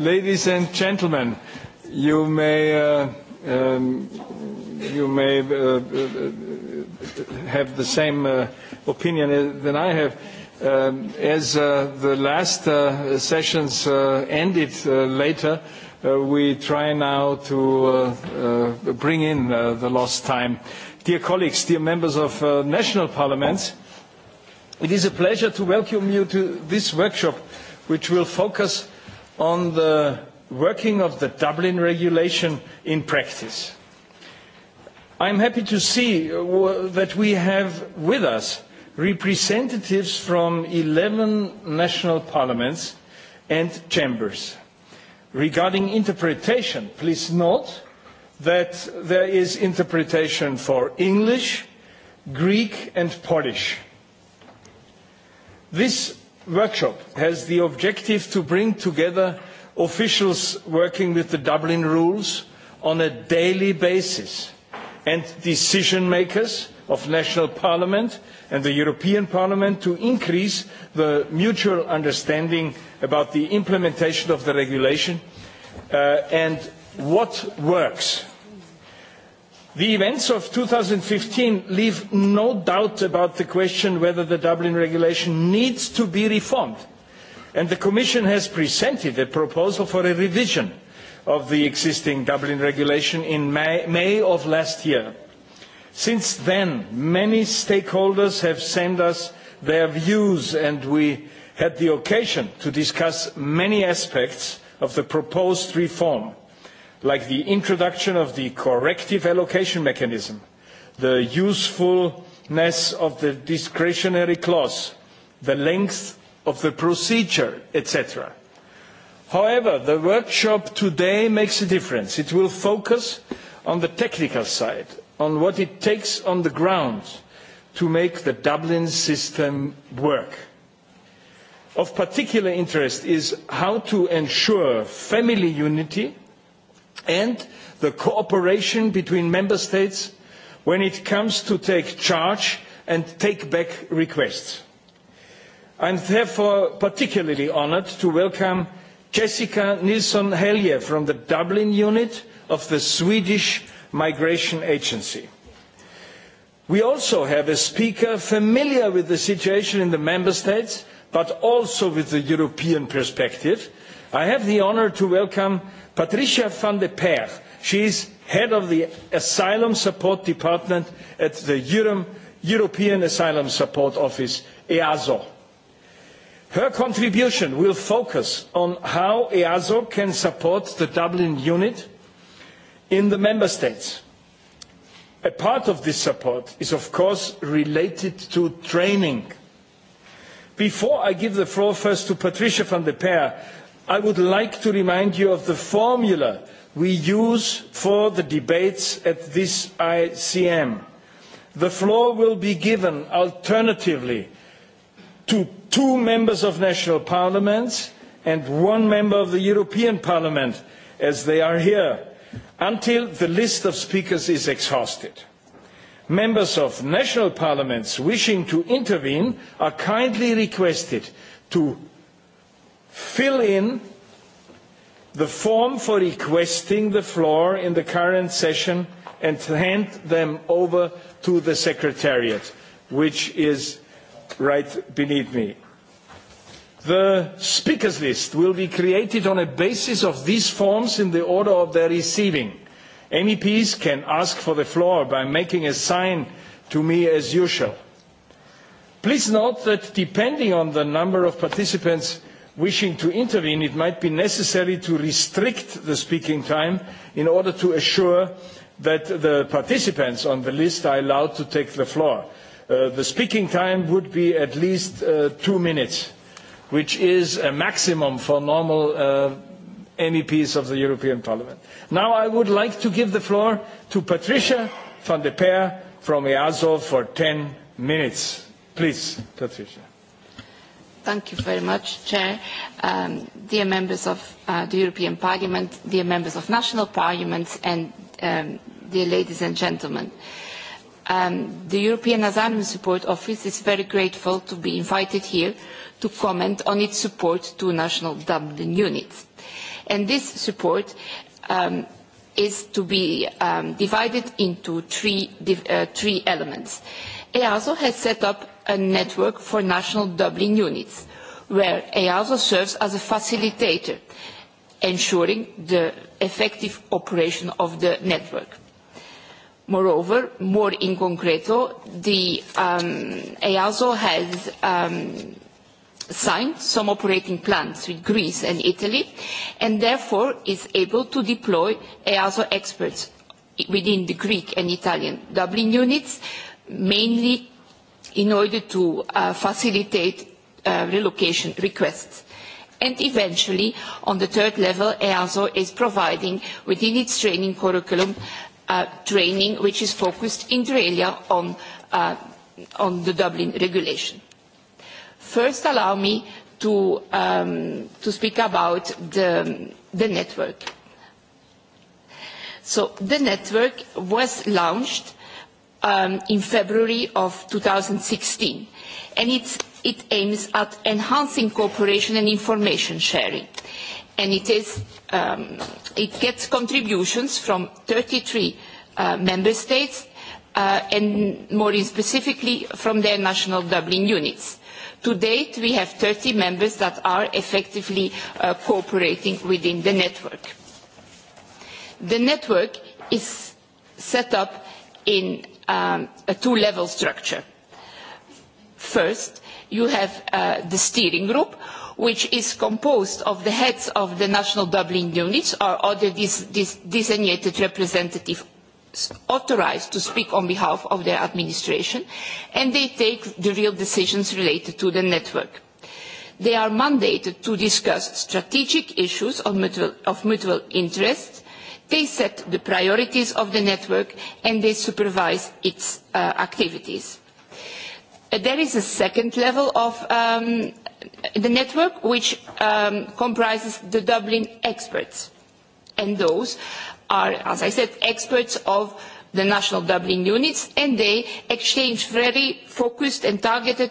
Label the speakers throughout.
Speaker 1: Ladies and gentlemen, you may uh, um, uh, uh, have the same opinion than I have. Um, as the last sessions ended later, we try now to bring in the lost time. Dear colleagues, dear members of national parliaments, it is a pleasure to welcome you to this workshop, which will focus on the working of the Dublin regulation in practice. I'm happy to see uh, that we have with us representatives from 11 national parliaments and chambers. Regarding interpretation, please note that there is interpretation for English, Greek and Polish. This workshop has the objective to bring together officials working with the Dublin rules on a daily basis and decision makers of national parliament and the European Parliament to increase the mutual understanding about the implementation of the regulation uh, and what works the events of 2015 leave no doubt about the question whether the dublin regulation needs to be reformed and the commission has presented a proposal for a revision of the existing dublin regulation in may, may of last year since then many stakeholders have sent us their views and we had the occasion to discuss many aspects of the proposed reform like the introduction of the corrective allocation mechanism, the usefulness of the discretionary clause, the length of the procedure, etc. However, the workshop today makes a difference. It will focus on the technical side, on what it takes on the ground to make the Dublin system work. Of particular interest is how to ensure family unity – and the cooperation between member states when it comes to taking charge and taking back requests. i am therefore particularly honoured to welcome jessica nilsson helge from the dublin unit of the swedish migration agency. we also have a speaker familiar with the situation in the member states but also with the european perspective I have the honor to welcome Patricia van de Peer. She is head of the Asylum Support Department at the Euro European Asylum Support Office, EASO. Her contribution will focus on how EASO can support the Dublin unit in the Member States. A part of this support is, of course, related to training. Before I give the floor first to Patricia van der Peer, I would like to remind you of the formula we use for the debates at this ICM. The floor will be given alternatively to two members of national parliaments and one member of the European Parliament, as they are here, until the list of speakers is exhausted. Members of national parliaments wishing to intervene are kindly requested to fill in the form for requesting the floor in the current session and hand them over to the secretariat, which is right beneath me. The speakers list will be created on a basis of these forms in the order of their receiving. MEPs can ask for the floor by making a sign to me as usual. Please note that depending on the number of participants wishing to intervene, it might be necessary to restrict the speaking time in order to assure that the participants on the list are allowed to take the floor. Uh, the speaking time would be at least uh, two minutes, which is a maximum for normal uh, MEPs of the European Parliament. Now I would like to give the floor to Patricia van der Peer from EASO for 10 minutes. Please, Patricia.
Speaker 2: Thank you very much, Chair. Um, dear members of uh, the European Parliament, dear members of national parliaments, and um, dear ladies and gentlemen, um, the European Asylum Support Office is very grateful to be invited here to comment on its support to national Dublin units. And this support um, is to be um, divided into three, uh, three elements. EASO has set up a network for national Dublin units, where EASO serves as a facilitator, ensuring the effective operation of the network. Moreover, more in concreto, the um, EASO has um, signed some operating plans with Greece and Italy, and therefore is able to deploy EASO experts within the Greek and Italian Dublin units, mainly in order to uh, facilitate uh, relocation requests. And eventually, on the third level, EASO is providing, within its training curriculum, uh, training which is focused in Drelia on, uh, on the Dublin regulation. First, allow me to, um, to speak about the, the network. So, the network was launched um, in February of 2016. And it aims at enhancing cooperation and information sharing. And it, is, um, it gets contributions from 33 uh, member states uh, and more in specifically from their national Dublin units. To date, we have 30 members that are effectively uh, cooperating within the network. The network is set up in Um, a two level structure. First, you have uh, the steering group, which is composed of the heads of the national Dublin units or other dis dis designated representatives authorized to speak on behalf of their administration, and they take the real decisions related to the network. They are mandated to discuss strategic issues of mutual, of mutual interest, they set the priorities of the network and they supervise its uh, activities. Uh, there is a second level of um, the network which um, comprises the Dublin experts and those are, as I said, experts of the national dublin units and they exchange very focused and targeted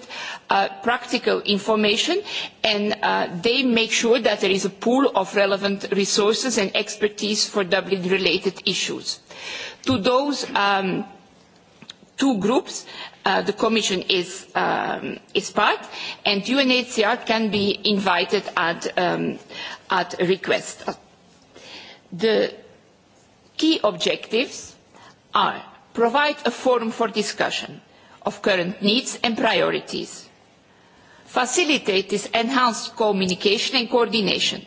Speaker 2: uh, practical information and uh, they make sure that there is a pool of relevant resources and expertise for dublin related issues to those um, two groups uh, the Commission is, um, is part, and UNHCR can be invited at, um, at request. The key objectives are provide a forum for discussion of current needs and priorities, facilitate this enhanced communication and coordination,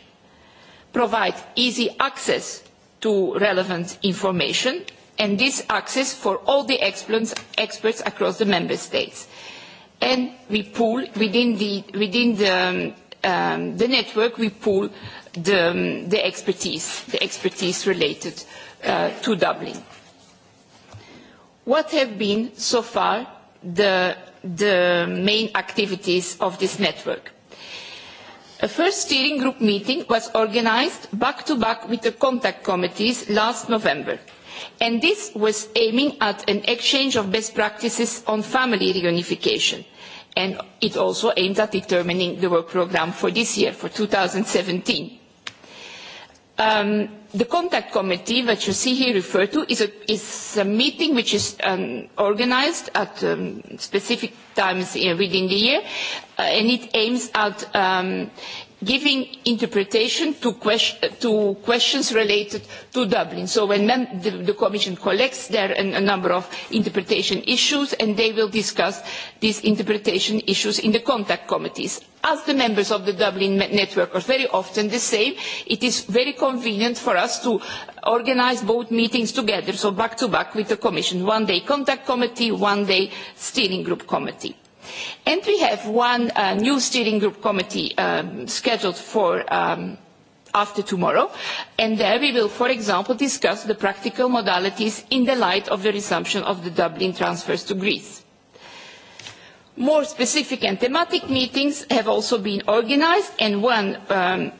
Speaker 2: provide easy access to relevant information, and this access for all the experts, experts across the member states. And we pool within the, within the, um, um the network, we pool the, um, the expertise, the expertise related uh, to Dublin. What have been so far the, the main activities of this network? A first steering group meeting was organized back to back with the contact committees last November. And this was aiming at an exchange of best practices on family reunification. And it also aimed at determining the work program for this year, for 2017. Um, the contact committee that you see here referred to is a, is a meeting which is um, organized at um, specific times within the year uh, and it aims at um, giving interpretation to questions related to dublin so the commission collects there a number of interpretation issues and they will discuss these interpretation issues in the contact committees. as the members of the dublin network are very often the same it is very convenient for us to organise both meetings together so back to back with the commission one day contact committee one day steering group committee and we have one uh, new steering group committee um, scheduled for um, after tomorrow and there we will for example discuss the practical modalities in the light of the resumption of the dublin transfers to greece. more specific and thematic meetings have also been organised and one um,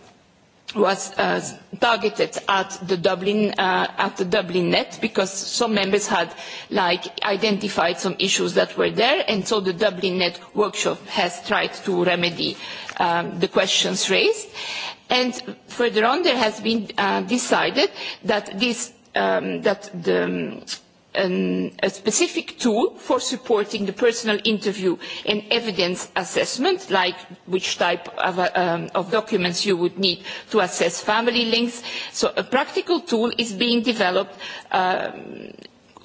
Speaker 2: was uh, targeted at the dublin uh, at the dublin net because some members had like identified some issues that were there and so the dublin net workshop has tried to remedy um, the questions raised and further on there has been uh, decided that this um, that the um, um, a specific tool for supporting the personal interview and evidence assessment, like which type of, uh, um, of documents you would need to assess family links. So a practical tool is being developed um,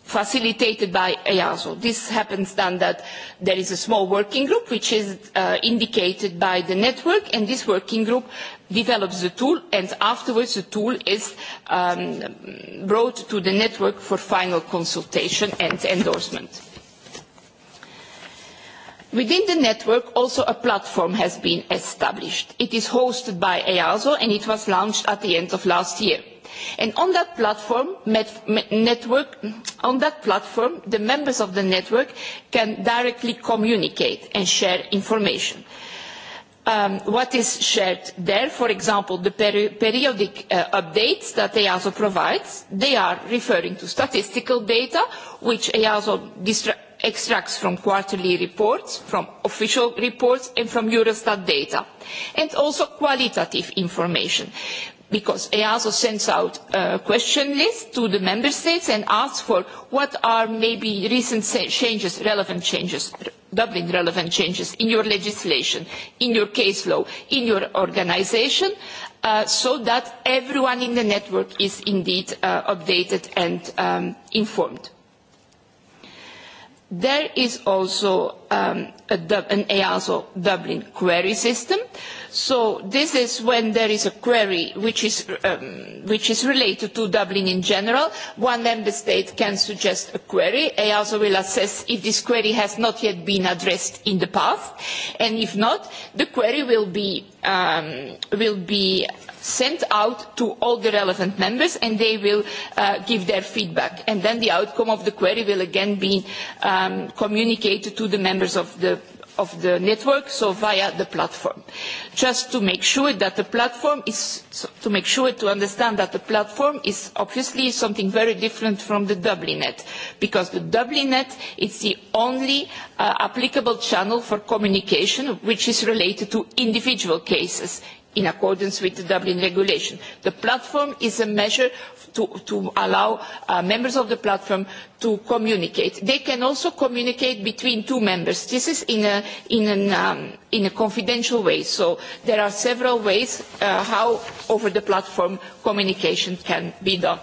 Speaker 2: facilitated by EASO. This happens then that there is a small working group which is uh, indicated by the network and this working group develops the tool and afterwards the tool is um, brought to the network for final consultation and endorsement. Within the network also a platform has been established. It is hosted by EASO and it was launched at the end of last year. And on that platform, met, met, network, on that platform, the members of the network can directly communicate and share information. Um, what is shared there for example the peri periodic uh, updates that easo provides they are referring to statistical data which easo extracts from quarterly reports from official reports and from eurostat data and also qualitative information because easo sends out a uh, question list to the member states and asks for what are maybe recent changes relevant changes dublin relevant changes in your legislation in your case law in your organisation uh, so that everyone in the network is indeed uh, updated and um, informed there is also um, a, an easo dublin query system uh, So this is when there is a query which is, um, which is related to Dublin in general. One member state can suggest a query. EASO will assess if this query has not yet been addressed in the past. And if not, the query will be, um, will be sent out to all the relevant members and they will uh, give their feedback. And then the outcome of the query will again be um, communicated to the members of the of the network, so via the platform. Just to make sure that the platform is, to make sure to understand that the platform is obviously something very different from the Dublinet, because the Dublinet is the only uh, applicable channel for communication which is related to individual cases in accordance with the Dublin regulation. The platform is a measure to, to allow uh, members of the platform to communicate. They can also communicate between two members. This is in a, in an, um, in a confidential way. So there are several ways uh, how over the platform communication can be done.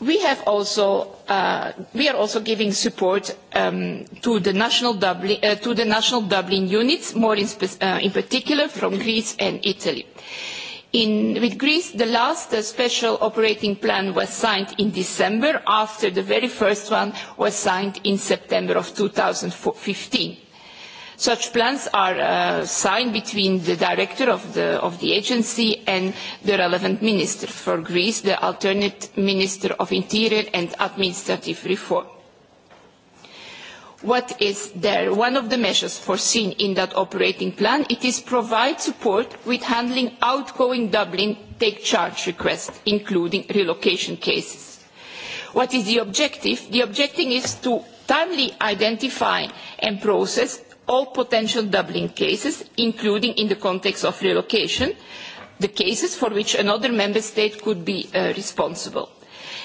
Speaker 2: Uh, we are also giving support um, to, the national dublin, uh, to the national dublin units, more in, spe- uh, in particular from greece and italy. In, with greece, the last uh, special operating plan was signed in december after the very first one was signed in september of 2015 such plans are uh, signed between the director of the agency and the relevant minister for greece the alternate minister of interior and administrative reform. What is there? One of the measures foreseen in that operating plan it is provide support with handling outgoing Dublin take charge requests, including relocation cases. What is the objective? The objective is to timely identify and process all potential Dublin cases, including in the context of relocation, the cases for which another member state could be uh, responsible.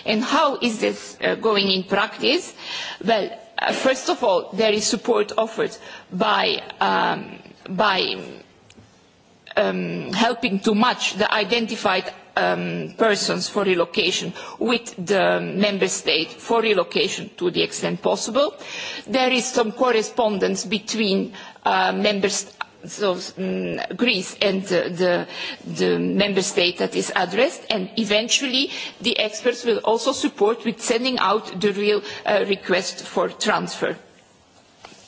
Speaker 2: And how is this uh, going in practice? Well, uh, first of all, there is support offered by, um, by um, helping to match the identified um, persons for relocation with the member state for relocation to the extent possible. There is some correspondence between uh, member states of um, mm, Greece and uh, the, the member state that is addressed and eventually the experts will also support with sending out the real uh, request for transfer.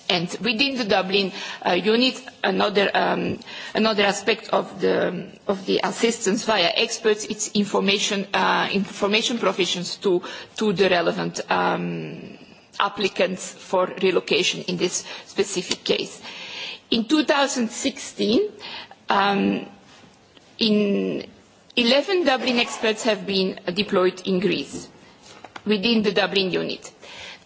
Speaker 2: And within the Dublin uh, unit, another, um, another aspect of the, of the assistance via experts, it's information, uh, information provisions to, to the relevant um, applicants for relocation in this specific case. In 2016, um, in 11 Dublin experts have been deployed in Greece within the Dublin unit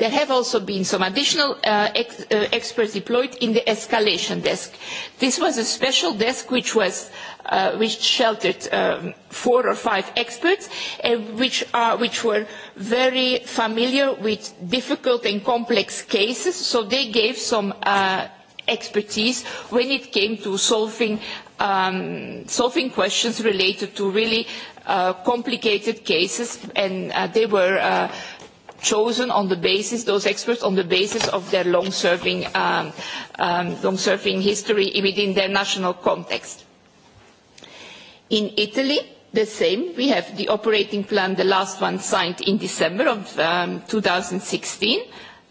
Speaker 2: there have also been some additional uh, uh, experts deployed in the escalation desk. this was a special desk which, was, uh, which sheltered um, four or five experts and which, are, uh, which were very familiar with difficult and complex cases, so they gave some uh, expertise when it came to solving, um, solving questions related to really uh, complicated cases, and uh, they were uh, chosen on the basis, those experts, on the basis of their long-serving um, um, long -serving history within their national context. In Italy, the same. We have the operating plan, the last one signed in December of um, 2016,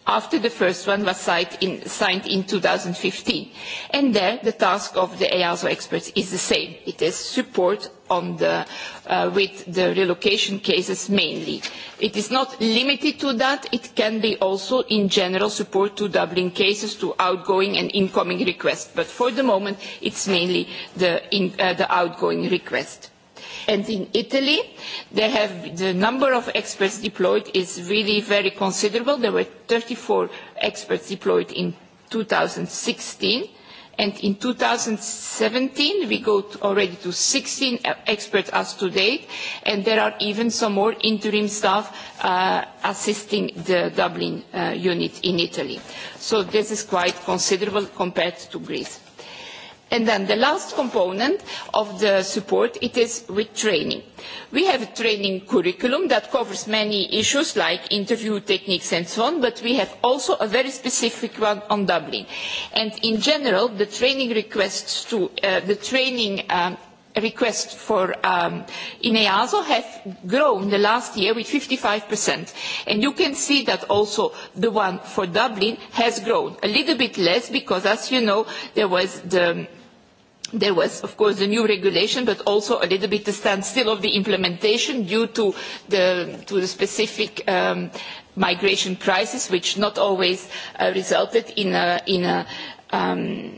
Speaker 2: after the first one was signed in, signed in 2015. And there, the task of the EASO experts is the same. It is support Uh, with the relocation cases mainly. it is not limited to that it can be also in general support to dublin cases to outgoing and incoming requests but for the moment it is mainly the uh, outgoing requests. in italy the number of experts deployed is really very considerable there were thirty four experts deployed in two thousand and sixteen and in two thousand and seventeen we go to already to sixteen e-, experts as to date and there are even some more interim staff uh, assisting the Dublin uh, unit in Italy. So this is quite considerable compared to Greece and then the last component of the support is with training. we have a training curriculum that covers many issues like interview techniques and so on but we have also a very specific one on dublin and in general the training requests to uh, the training um, request for um, in easo have grown the last year with 55% and you can see that also the one for dublin has grown a little bit less because as you know there was the um, There was, of course, the new regulation, but also a little bit the standstill of the implementation due to the specific um, migration crisis, which not always uh, resulted um,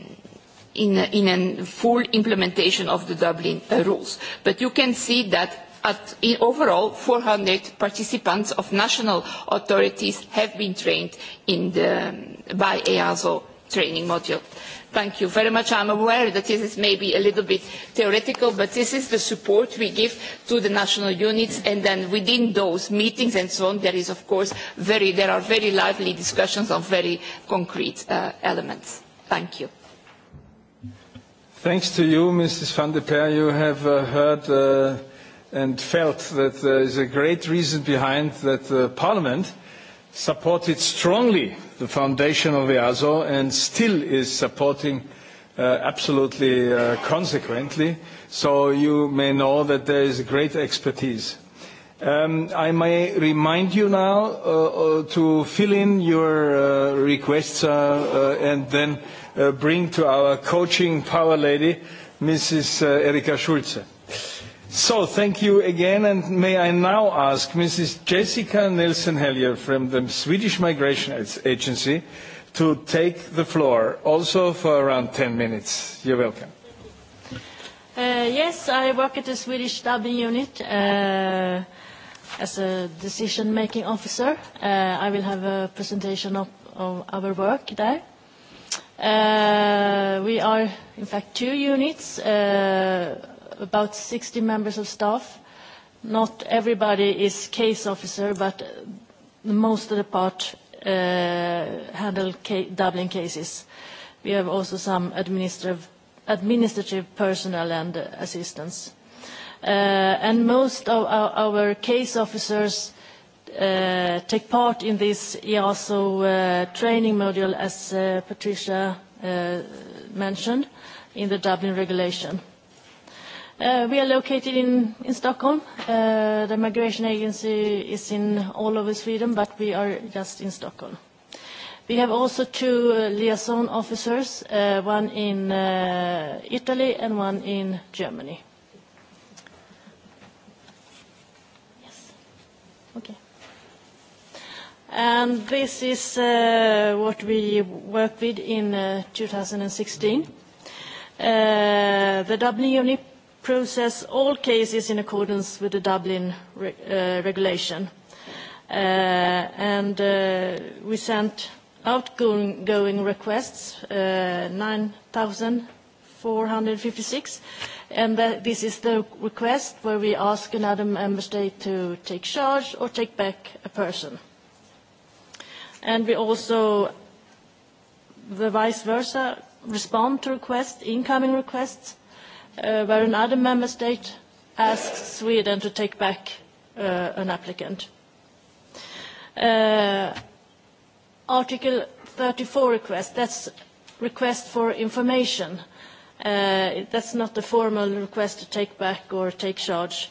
Speaker 2: in a full implementation of the Dublin uh, rules. You can see that overall, 400 participants of national authorities have been trained by EASO training module thank you very much. i am aware that this is maybe a little bit theoretical but this is the support we give to the national units and then within those meetings and so on there is of course very there are very lively discussions on very concrete uh, elements. thank you.
Speaker 1: thanks to you mrs van der Per. you have uh, heard uh, and felt that there is a great reason behind that uh, parliament supported strongly the foundation of easo and still is supporting uh, absolutely uh, consequently. so you may know that there is great expertise. Um, i may remind you now uh, uh, to fill in your uh, requests uh, uh, and then uh, bring to our coaching power lady, mrs. Uh, erika schulze. Uh, So thank you again, and may I now ask Mrs. Jessica Nielsen Hellier from the Swedish Migration Agency to take the floor, also for around 10 minutes. You're
Speaker 3: welcome.
Speaker 4: Uh, yes, I work at the Swedish dubbing unit uh, as a decision-making officer. Uh, I will have a presentation of, of our work there. Uh, we are, in fact, two units. Uh, about 60 members of staff. Not everybody is case officer, but most of the part uh, handle ca Dublin cases. We have also some administrative, administrative personnel and uh, assistants. Uh, and most of our, our case officers uh, take part in this EASO uh, training module, as uh, Patricia uh, mentioned, in the Dublin regulation. Uh, we are located in, in Stockholm. Uh, the migration agency is in all over Sweden, but we are just in Stockholm. We have also two uh, liaison officers, uh, one in uh, Italy and one in Germany. Yes. Okay. And this is uh, what we worked with in uh, 2016. Uh, the Dublin Unit process all cases in accordance with the Dublin re uh, regulation. Uh, and uh, we sent outgoing going requests, uh, 9,456. And this is the request where we ask another member state to take charge or take back a person. And we also, the vice versa, respond to requests, incoming requests, uh, where another member state asks Sweden to take back uh, an applicant. Uh, Article 34 request, that's request for information. Uh, that's not the formal request to take back or take charge.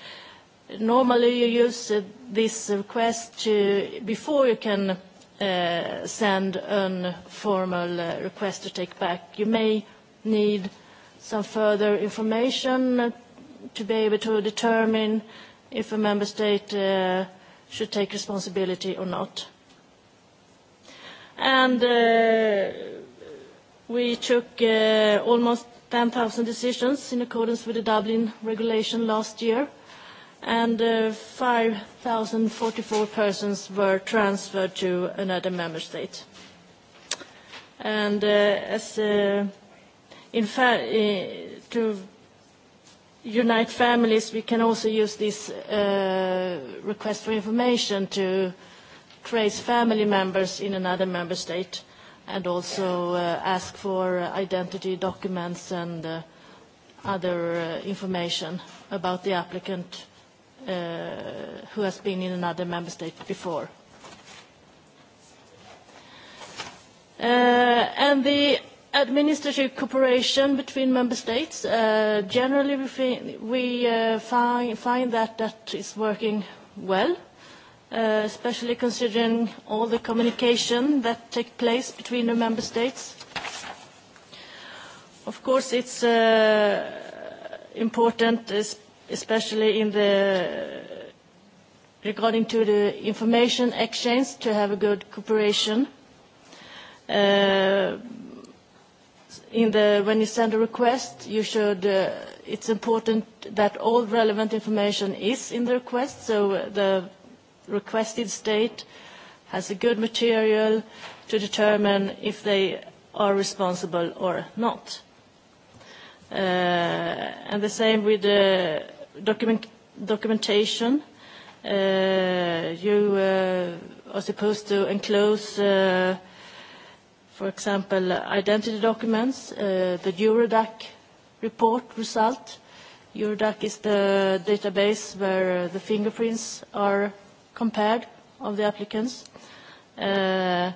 Speaker 4: Normally you use uh, this request to, before you can uh, send a formal uh, request to take back. You may need some further information to be able to determine if a member state uh, should take responsibility or not. And uh, we took uh, almost 10,000 decisions in accordance with the Dublin regulation last year, and uh, 5,044 persons were transferred to another member state. And uh, as uh, in fa- uh, to unite families, we can also use this uh, request for information to trace family members in another member state and also uh, ask for identity documents and uh, other uh, information about the applicant uh, who has been in another member state before. Uh, and the administrative cooperation between member states. Uh, generally, we, find, we uh, find, find that that is working well, uh, especially considering all the communication that takes place between the member states. Of course, it's uh, important, especially in the, regarding to the information exchange, to have a good cooperation. Uh, in the when you send a request you should uh, it's important that all relevant information is in the request so uh, the requested state has a good material to determine if they are responsible or not uh, and the same with the document documentation uh, you uh, are supposed to enclose uh, for example, identity documents, uh, the Eurodac report result. Eurodac is the database where uh, the fingerprints are compared of the applicants. Uh,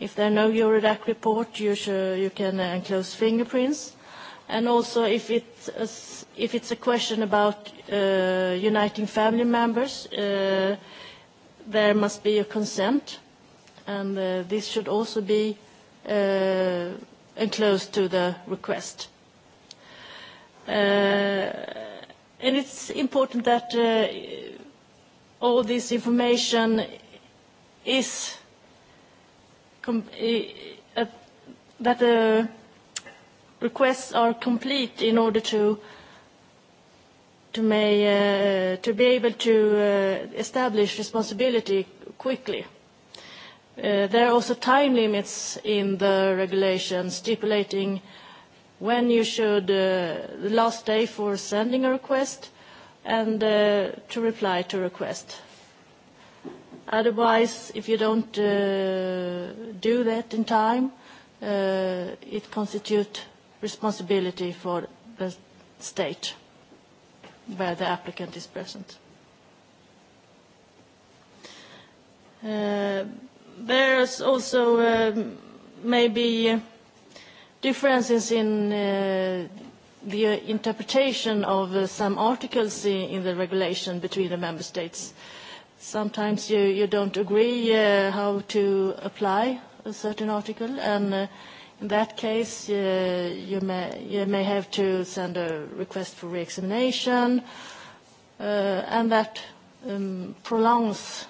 Speaker 4: if there are no Eurodac report, you, should, you can uh, enclose fingerprints. And also, if it's a, if it's a question about uh, uniting family members, uh, there must be a consent, and uh, this should also be uh, enclosed to the request. Uh, and it's important that uh, all this information is com- uh, uh that the uh, requests are complete in order to to, may, uh, to be able to uh, establish responsibility quickly. Uh, there are also time limits in the regulation stipulating when you should, uh, the last day for sending a request and uh, to reply to request. Otherwise, if you don't do that in time, it constitute responsibility for the state where the applicant is present there's also uh, maybe differences in uh, the interpretation of uh, some articles in the regulation between the member states. Sometimes you don't agree how to apply a certain article, and in that case, you may have to send a request for re-examination, and that um, prolongs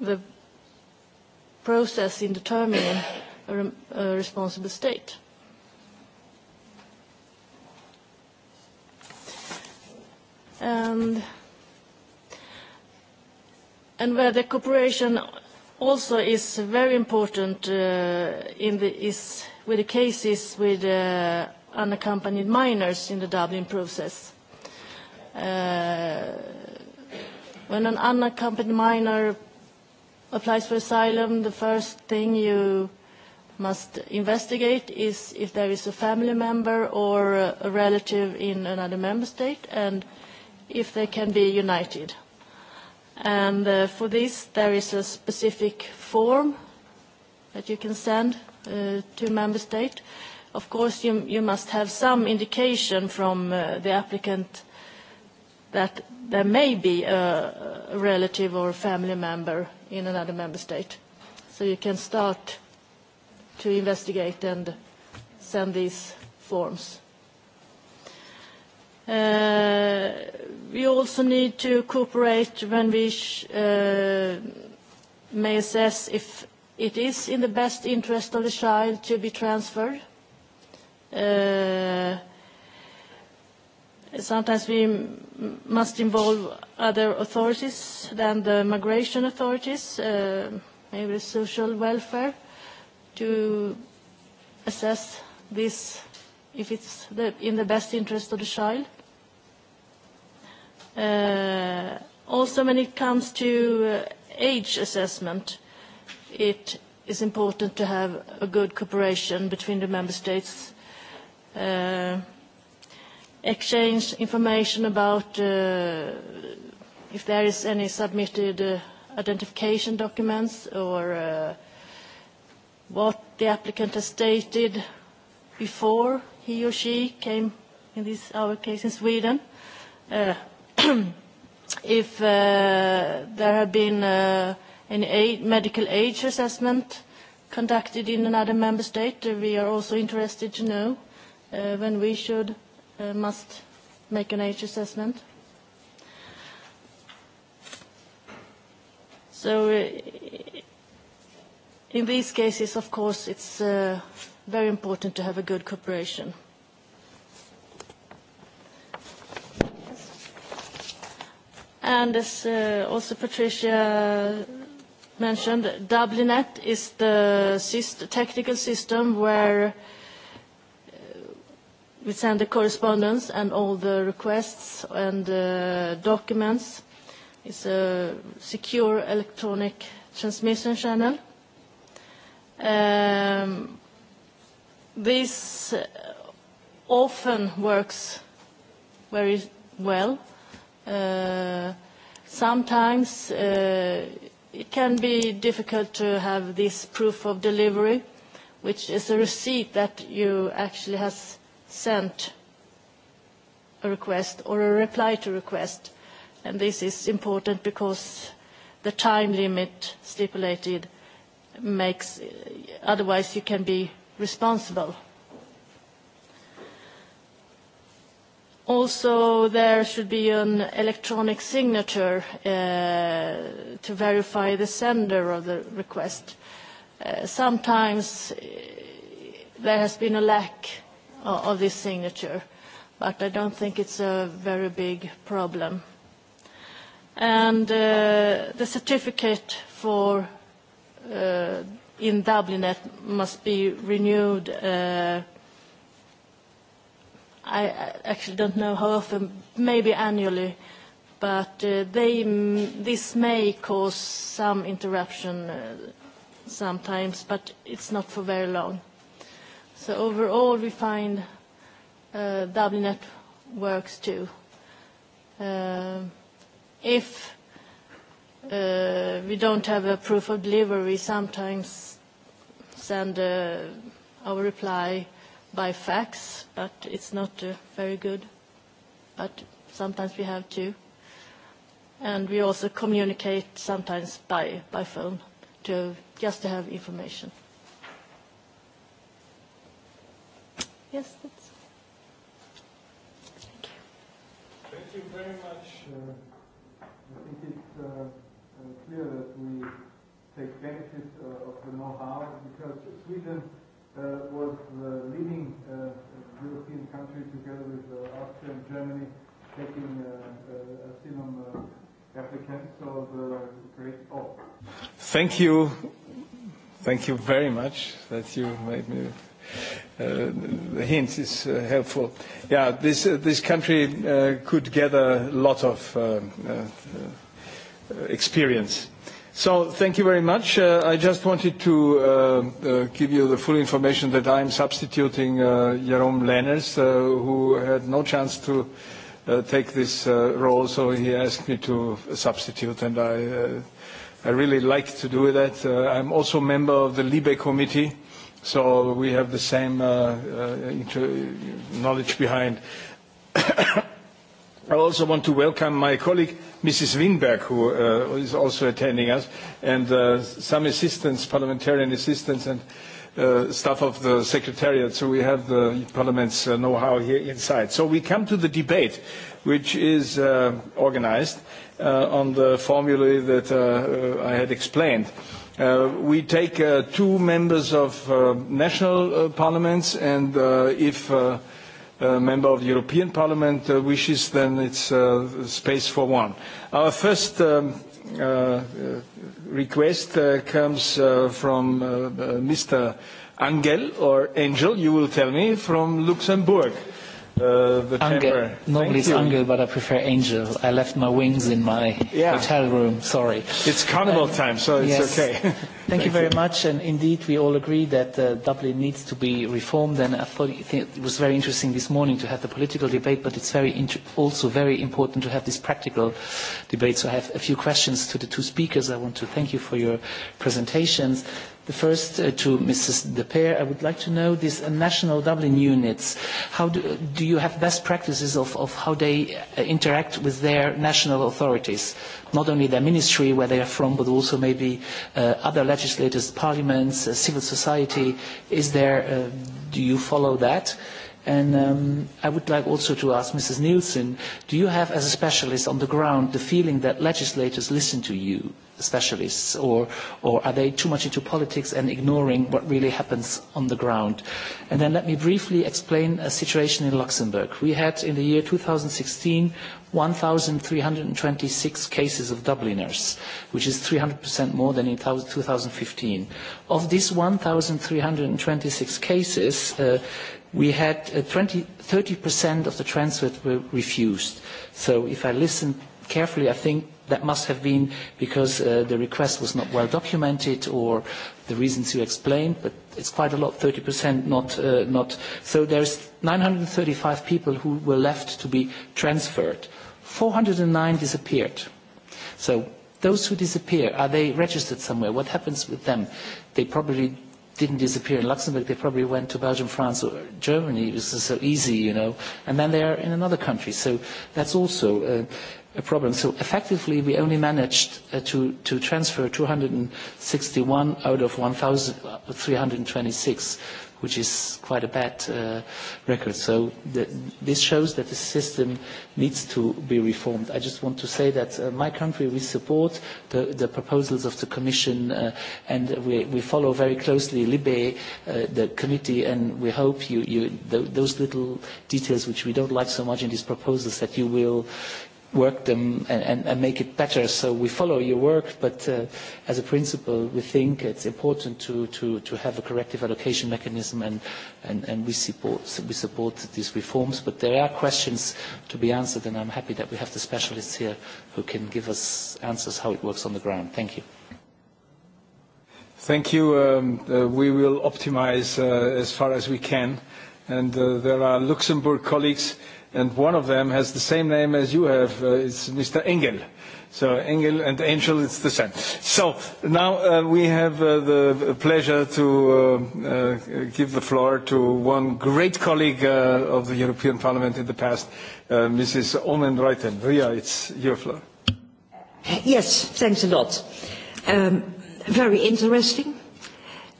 Speaker 4: the process in determining a, re a responsible state. And, and where the cooperation also is very important uh, in the, is with the cases with uh, unaccompanied minors in the Dublin process. Uh, when an unaccompanied minor applies for asylum, the first thing you must investigate is if there is a family member or a relative in another member state and if they can be united. And uh, for this, there is a specific form that you can send uh, to member state. Of course, you, you must have some indication from uh, the applicant that there may be a relative or a family member in another member state. So you can start to investigate and send these forms. Uh, we also need to cooperate when we sh uh, may assess if it is in the best interest of the child to be transferred. Uh, sometimes we m must involve other authorities than the migration authorities, uh, maybe social welfare, to assess this, if it's the, in the best interest of the child. Uh, also, when it comes to uh, age assessment, it is important to have a good cooperation between the member states. Uh, exchange information about uh, if there is any submitted uh, identification documents or uh, what the applicant has stated before he or she came in this our case in Sweden. Uh, if uh, there have been uh, any aid, medical age assessment conducted in another member state, uh, we are also interested to know uh, when we should uh, must make an age assessment. So uh, in these cases, of course, it's uh, very important to have a good cooperation. And as uh, also Patricia mentioned, Dublinet is the syst technical system where We send the correspondence and all the requests and uh, documents. It's a secure electronic transmission channel. Um, this uh, often works very well. Uh, sometimes uh, it can be difficult to have this proof of delivery, which is a receipt that you actually have sent a request or a reply to request, and this is important because the time limit stipulated makes otherwise you can be responsible. Also, there should be an electronic signature uh, to verify the sender of the request. Uh, sometimes uh, there has been a lack of this signature, but I don't think it's a very big problem. And uh, the certificate for uh, in Dublinet must be renewed. Uh, I actually don't know how often, maybe annually, but uh, they, this may cause some interruption uh, sometimes, but it's not for very long. Overall, we find uh, Dublin Networks too. Um, if uh, we don't have a proof of delivery, sometimes send uh, our reply by fax, but it's not very good. Sometimes we have to. We also communicate sometimes by phone just to have information.
Speaker 1: Yes, that's okay. Thank you. Thank you very much. Uh, I think it's uh, uh, clear that we take benefit uh, of the know-how because Sweden uh, was the leading uh, uh European country together with uh, Austria and Germany taking uh, asylum uh, uh applicants. So the great. Oh. Thank you. Thank you very much that you made me. Uh, the hint is uh, helpful. Yeah, this, uh, this country uh, could gather a lot of uh, uh, experience. So thank you very much. Uh, I just wanted to uh, uh, give you the full information that I'm substituting uh, Jerom Lenners, uh, who had no chance to uh, take this uh, role, so he asked me to substitute, and I uh, I really like to do that. Uh, I'm also a member of the Libe committee, so we have the same uh, uh, inter- knowledge behind. I also want to welcome my colleague, Mrs. Winberg, who uh, is also attending us, and uh, some assistants, parliamentarian assistants, and uh, staff of the secretariat. So we have the parliament's uh, know-how here inside. So we come to the debate, which is uh, organized. Uh, on the formulae that uh, uh, I had explained. Uh, we take uh, two members of uh, national uh, parliaments, and uh, if uh, a member of the European Parliament uh, wishes, then it's uh, space for one. Our first um, uh, uh request uh, comes uh, from uh, uh, Mr. Angel, or Angel, you will tell me, from Luxembourg.
Speaker 5: Uh, the angel. chamber. Nobody's Thank you. angel, but I prefer angel. I left my wings in my yeah. hotel room. Sorry. It's carnival um, time, so it's yes. okay. Thank you very much. And indeed, we all agree that uh, Dublin needs to be reformed. And I thought it was very interesting this morning to have the political debate, but it's very inter- also very important to have this practical debate. So I have a few questions to the two speakers. I want to thank you for your presentations. The first uh, to Mrs. DePere, I would like to know these uh, national Dublin units. How do, uh, do you have best practices of, of how they uh, interact with their national authorities? not only their ministry where they are from but also maybe uh, other legislators, parliaments, uh, civil society. Is there, uh, do you follow that? Uh, And um, I would like also to ask Mrs. Nielsen, do you have, as a specialist on the ground, the feeling that legislators listen to you, specialists, or, or are they too much into politics and ignoring what really happens on the ground? And then let me briefly explain a situation in Luxembourg. We had, in the year 2016, 1,326 cases of Dubliners, which is 300% more than in 2015. Of these 1,326 cases, uh, we had uh, 20, 30% of the transfers were refused. So if I listen carefully, I think that must have been because uh, the request was not well documented or the reasons you explained, but it's quite a lot, 30% not, uh, not. So there's 935 people who were left to be transferred. 409 disappeared. So those who disappear, are they registered somewhere? What happens with them? They probably didn't disappear in Luxembourg, they probably went to Belgium, France, or Germany. This is so easy, you know. And then they are in another country. So that's also a, uh, a problem. So effectively, we only managed uh, to, to transfer 261 out of 1,326 which is quite a bad uh, record. So the, this shows that the system needs to be reformed. I just want to say that uh, my country, we support the, the proposals of the Commission uh, and we, we follow very closely LIBE, uh, the committee, and we hope you, you, th those little details which we don't like so much in these proposals that you will, work them and, and, and make it better. So we follow your work, but uh, as a principle, we think it's important to, to, to have a corrective allocation mechanism, and, and, and we, support, we support these reforms. But there are questions to be answered, and I'm happy that we have the specialists here who can give us answers how it works on the ground. Thank you.
Speaker 1: Thank you. Um, uh, we will optimize uh, as far as we can. And uh, there are Luxembourg colleagues and one of them has the same name as you have. Uh, it's Mr. Engel. So Engel and Angel, it's the same. So now uh, we have uh, the pleasure to uh, uh, give the floor to one great colleague uh, of the European Parliament in the past, uh, Mrs. Omen Reiten. Ria, it's your floor.
Speaker 6: Yes, thanks a lot. Um, very interesting.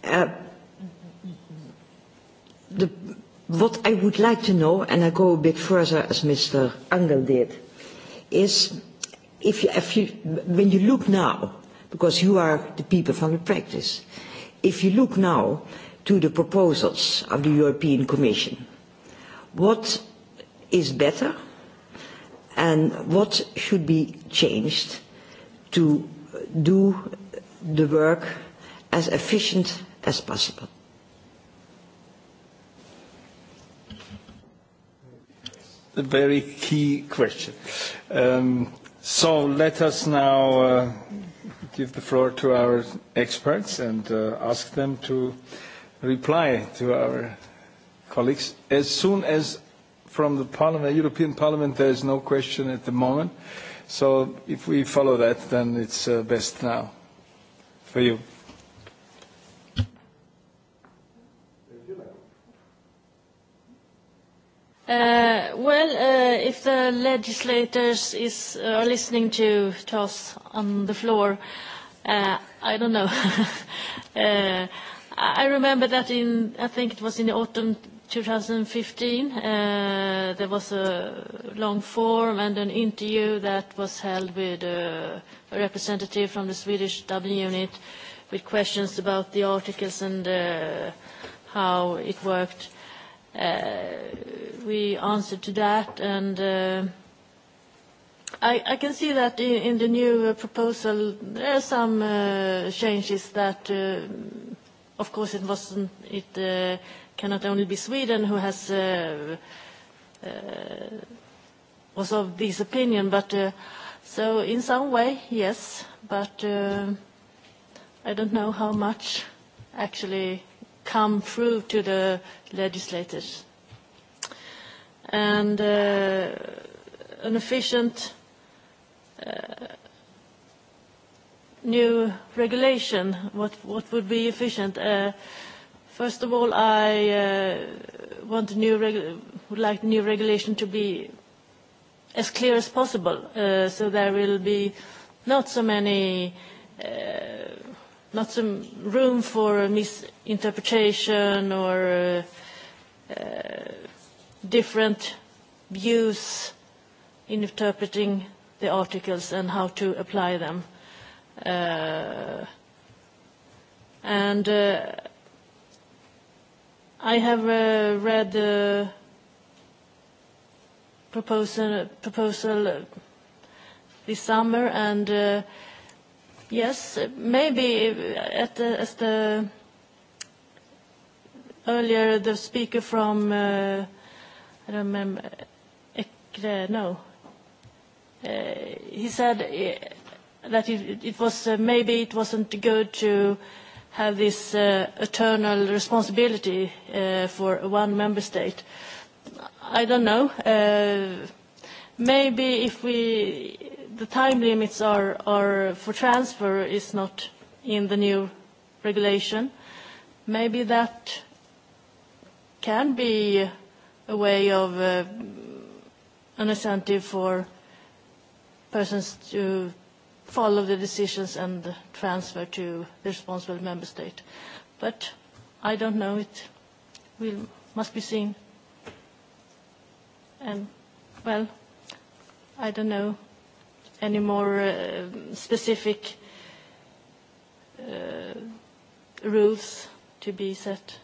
Speaker 6: Uh, What I would like to know, and I go a bit further as Mr. Angel did, is if you, if you, when you look now, because you are the people from the practice, if you look now to the proposals of the European Commission, what is better and what should be changed to do the work as efficient as
Speaker 1: possible? a very key question. Um, so let us now uh, give the floor to our experts and uh, ask them to reply to our colleagues. As soon as from the Parliament, European Parliament there is no question at the moment, so if we follow that, then it's uh, best now for you.
Speaker 4: Uh, well, uh, if the legislators is uh, are listening to, to us on the floor, uh, I don't know. uh, I remember that in, I think it was in the autumn 2015, uh, there was a long forum and an interview that was held with a, uh, a representative from the Swedish Dublin unit with questions about the articles and uh, how it worked. Uh, we answer to that. Uh, I can see that in the new uh, proposal, there are some changes that, of course, it wasn't, it cannot only be Sweden who has was of this opinion, but so in some way, yes, but I don't know how much actually come through to the legislators. And uh, an efficient uh, new regulation, what, what would be efficient? Uh, first of all, I uh, want a new would like the new regulation to be as clear as possible, uh, so there will be not so many uh, not some room for a misinterpretation or uh, uh, different views in interpreting the articles and how to apply them. Uh, and uh, I have uh, read the proposal, proposal this summer and uh, Yes. Maybe as the earlier the speaker from, uh, I don't remember, no. Uh, he said uh, that it was maybe it wasn't good to have this eternal responsibility for one member state. I don't know. Maybe if we the time limits are for transfer is not in the new regulation. Maybe that can be a way of uh, an incentive for persons to follow the decisions and transfer to the responsible member state. But I don't know. It must be seen. And, well, I don't know any more uh, specific uh, rules to be set?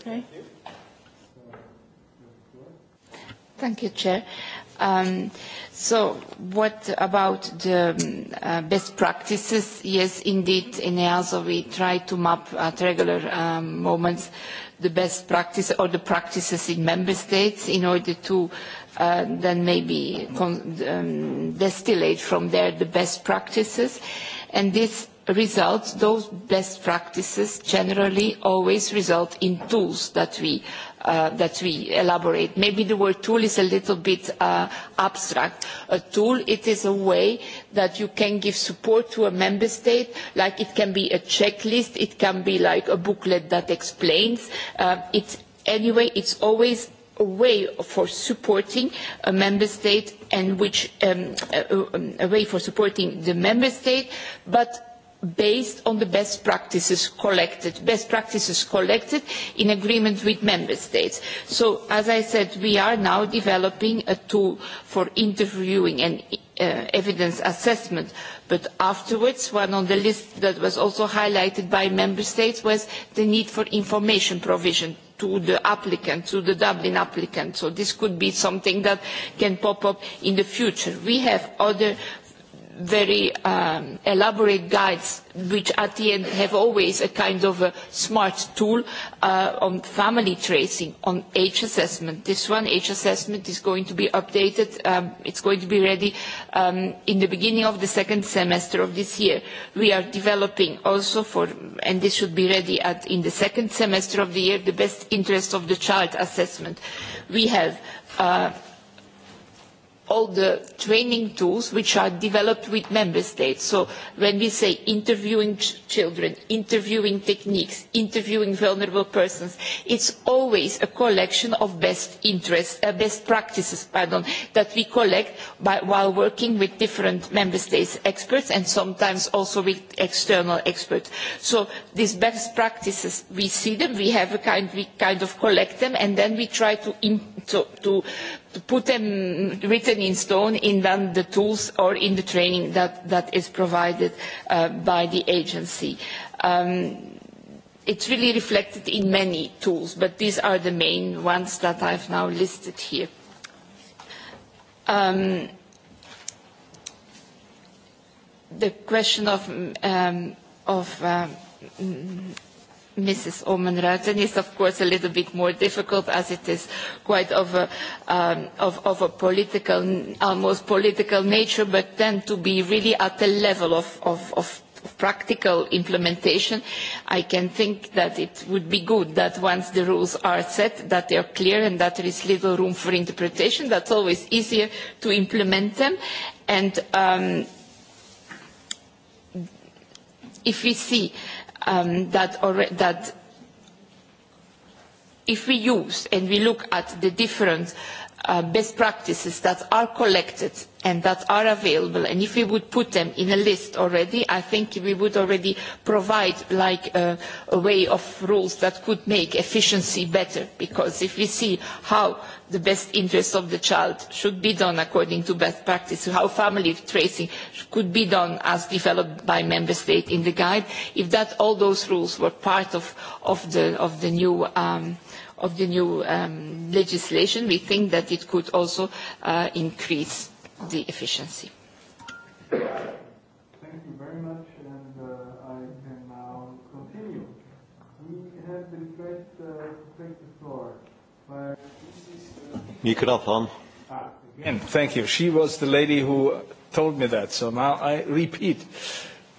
Speaker 4: Okay. Thank you.
Speaker 2: Thank you, Chair. Um, so what about the um, uh, best practices? Yes, indeed, in EASO, we try to map at regular um, moments the best practice or the practices in member states in order to uh, then maybe con um, distillate from there the best practices. And this results, those best practices generally always result in tools that we, uh, that we elaborate. Maybe the word tool is a little bit uh, abstract. A tool, it is a way that you can give support to a member state, like it can be a checklist, it can be like a booklet that explains. Uh, it's, anyway, it's always a way for supporting a member state and which um, a, uh, um, a way for supporting the member state but based on the best practices collected best practices collected in agreement with member states so as i said we are now developing a tool for interviewing and uh, evidence assessment but afterwards one on the list that was also highlighted by member states was the need for information provision to the applicant, to the Dublin applicant. So this could be something that can pop up in the future. We have other very um, elaborate guides which at the end have always a kind of a smart tool uh, on family tracing, on age assessment. This one, age assessment, is going to be updated. Um, it's going to be ready um, in the beginning of the second semester of this year. We are developing also for, and this should be ready at, in the second semester of the year, the best interest of the child assessment. We have uh, all the training tools which are developed with member states. So when we say interviewing ch children, interviewing techniques, interviewing vulnerable persons, it's always a collection of best interests, uh, best practices, pardon, that we collect by, while working with different member states experts and sometimes also with external experts. So these best practices, we see them, we have a kind, we kind of collect them and then we try to, to, to put them written in stone in then the tools or in the training that, that is provided uh, by the agency. Um, it's really reflected in many tools, but these are the main ones that I've now listed here. Um, the question of, um, of um, Mrs. Oomen-Ruijten is of course a little bit more difficult as it is quite of a, um, of, of a political, almost political nature, but then to be really at the level of, of, of practical implementation, I can think that it would be good that once the rules are set, that they are clear and that there is little room for interpretation, that's always easier to implement them. And um, if we see uh, um, that, that if we use and we look at the different uh, Uh, best practices that are collected and that are available and if we would put them in a list already I think we would already provide like a, uh, a way of rules that could make efficiency better because if we see how the best interests of the child should be done according to best practice, how family tracing could be done as developed by member state in the guide, if that, all those rules were part of, of, the, of the new um, uh, of the new um, legislation, we think that it could also uh, increase the efficiency. Thank
Speaker 1: you very much, and uh, I can now continue. We have the request uh, to take the floor. Where... Microphone. Ah, again. Thank you. She was the lady who told me that, so now I repeat.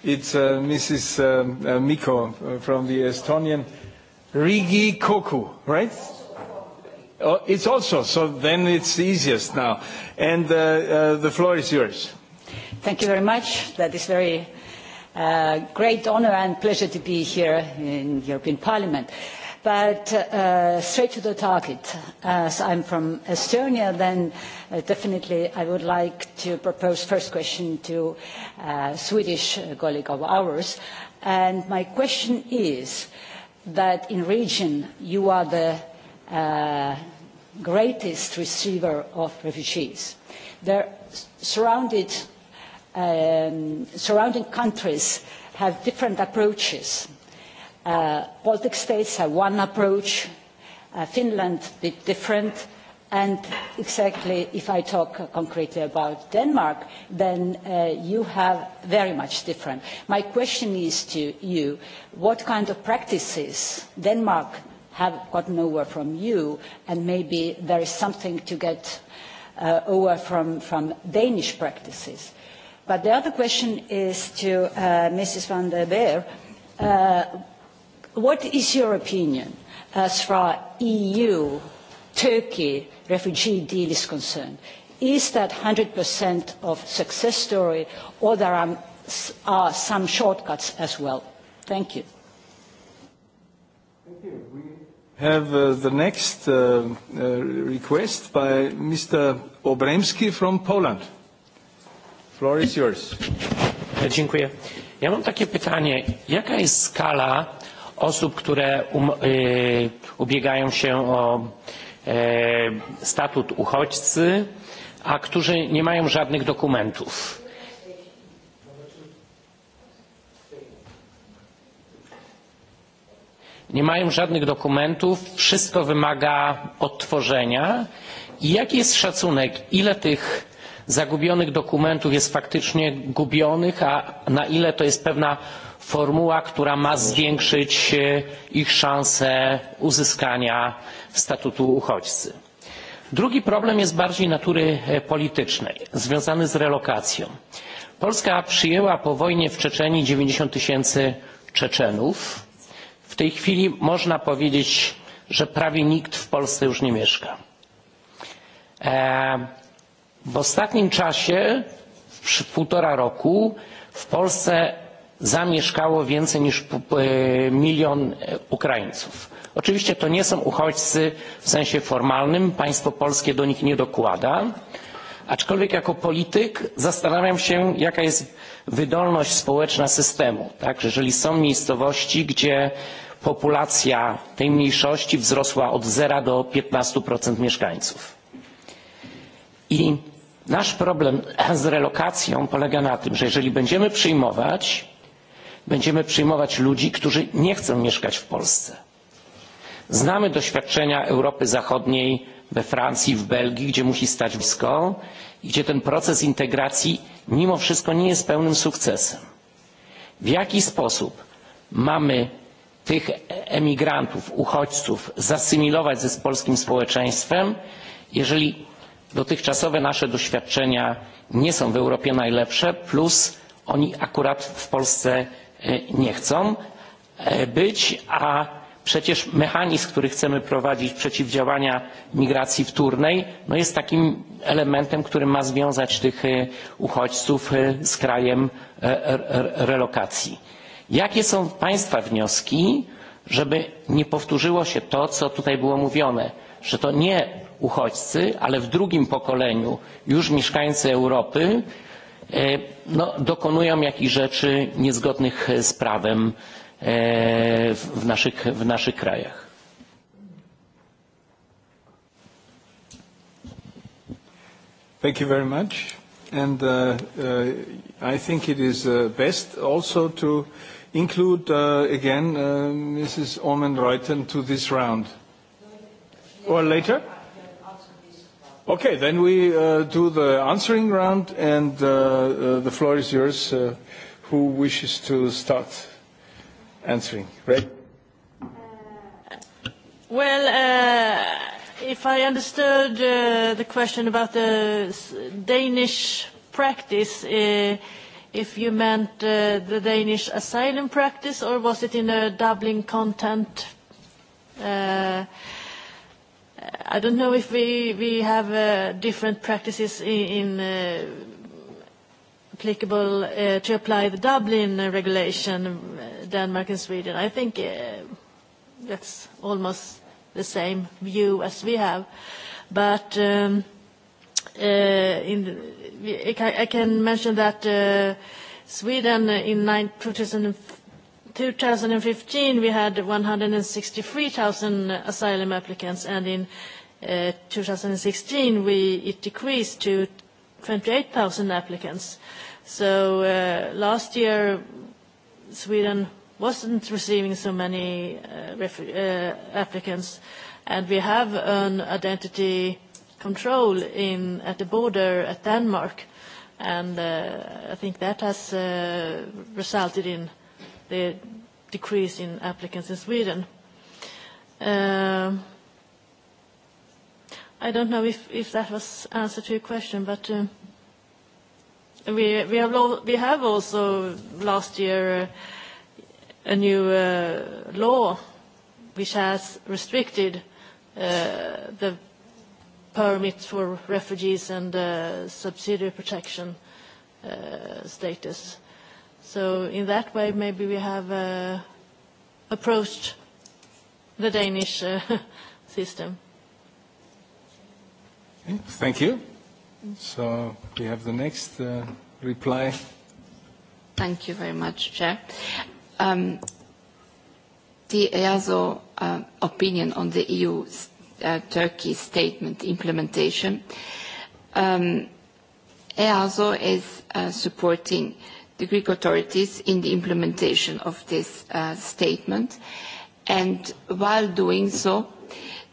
Speaker 1: It's uh, Mrs. Um, uh, Miko uh, from the Estonian. Oh. Rigi Koku, right? Oh, it's also, so then it's the easiest now. And uh, uh, the floor is yours.
Speaker 7: Thank you very much. That is very uh, great honor and pleasure to be here in European Parliament. But uh, straight to the target, as I'm from Estonia, then uh, definitely I would like to propose first question to a uh, Swedish colleague of ours. And my question is, uh, that in region you are the uh, greatest receiver of refugees. Their surrounded, um, surrounding countries have different approaches. Uh, Baltic states have one approach. Uh, Finland a bit different and exactly if i talk concretely about denmark then uh, you have very much different my question is to you what kind of practices denmark have gotten over from you and maybe there is something to get uh, over from, from danish practices but the other question is to uh, mrs van der beer uh, what is your opinion uh, as far as eu turkey refugee deal is concerned. is that 100% of success story or there are, are some shortcuts as well? thank you.
Speaker 1: thank you. we have uh, the next uh, uh, request by mr. obremski from poland. floor is yours.
Speaker 3: E, dziękuję. Ja mam takie pytanie. Jaka jest skala osób, które um, y, ubiegają się o y, E, statut uchodźcy, a którzy nie mają żadnych dokumentów. Nie mają żadnych dokumentów, wszystko wymaga odtworzenia. I jaki jest szacunek, ile tych zagubionych dokumentów jest faktycznie gubionych, a na ile to jest pewna formuła, która ma zwiększyć e, ich szanse uzyskania statutu uchodźcy. Drugi problem jest bardziej natury e, politycznej, związany z relokacją. Polska przyjęła po wojnie w Czeczeniu 90 tysięcy Czeczenów. W tej chwili można powiedzieć, że prawie nikt w Polsce już nie mieszka. E, w ostatnim czasie, w półtora roku, w Polsce zamieszkało więcej niż e, milion Ukraińców. Oczywiście to nie są uchodźcy w sensie formalnym, państwo polskie do nich nie dokłada, aczkolwiek jako polityk zastanawiam się, jaka jest wydolność społeczna systemu. Tak? Jeżeli są miejscowości, gdzie populacja tej mniejszości wzrosła od 0 do 15% mieszkańców. I nasz problem z relokacją polega na tym, że jeżeli będziemy przyjmować, będziemy przyjmować ludzi, którzy nie chcą mieszkać w Polsce. Znamy doświadczenia Europy Zachodniej we Francji, w Belgii, gdzie musi stać blisko i gdzie ten proces integracji mimo wszystko nie jest pełnym sukcesem. W jaki sposób mamy tych emigrantów, uchodźców zasymilować ze z polskim społeczeństwem, jeżeli dotychczasowe nasze doświadczenia nie są w Europie najlepsze, plus oni akurat w Polsce e, nie chcą e, być, a Przecież mechanizm, który chcemy prowadzić przeciwdziałania migracji wtórnej, no jest takim elementem, który ma związać tych e, uchodźców e, z krajem e, relokacji. Jakie są Państwa wnioski, żeby nie powtórzyło się to, co tutaj było mówione, że to nie uchodźcy, ale w drugim pokoleniu już mieszkańcy Europy no, dokonują jakichś rzeczy niezgodnych z prawem. E, w naszych, w naszych krajach. Thank you very much.
Speaker 1: And uh, uh, I think it is uh, best also to include uh, again uh, Mrs. Orman Reuten to this round. Or later? Okay, then we uh, do the answering round and uh, uh, the floor is yours. Uh, who wishes to start? answering. Right? Uh,
Speaker 4: well, uh, if I understood uh, the question about the Danish practice, uh, if you meant uh, the Danish asylum practice or was it in a Dublin content? Uh, I don't know if we, we have uh, different practices in, in uh, applicable uh, to apply the Dublin regulation, uh, Denmark and Sweden? I think uh, that's almost the same view as we have. But um, in the... I can mention that Sweden in 2015, we had 163,000 asylum applicants, and in 2016, it decreased to 28,000 applicants. So uh, last year, Sweden wasn't receiving so many uh, ref uh, applicants, and we have an identity control in, at the border at Denmark, and uh, I think that has uh, resulted in the decrease in applicants in Sweden. Um, I don't know if, if that was answer to your question, but... Uh, We have also last year uh, a new uh, law which has restricted uh, the permit for refugees and subsidiary protection status. In that way, maybe we have approached the Danish system.
Speaker 1: Okay. Thank you. So we have the next uh, reply.
Speaker 2: Thank you very much, Chair. Um, the EASO uh, opinion on the EU-Turkey uh, statement implementation. Um, EASO is uh, supporting the Greek authorities in the implementation of this uh, statement. And while doing so,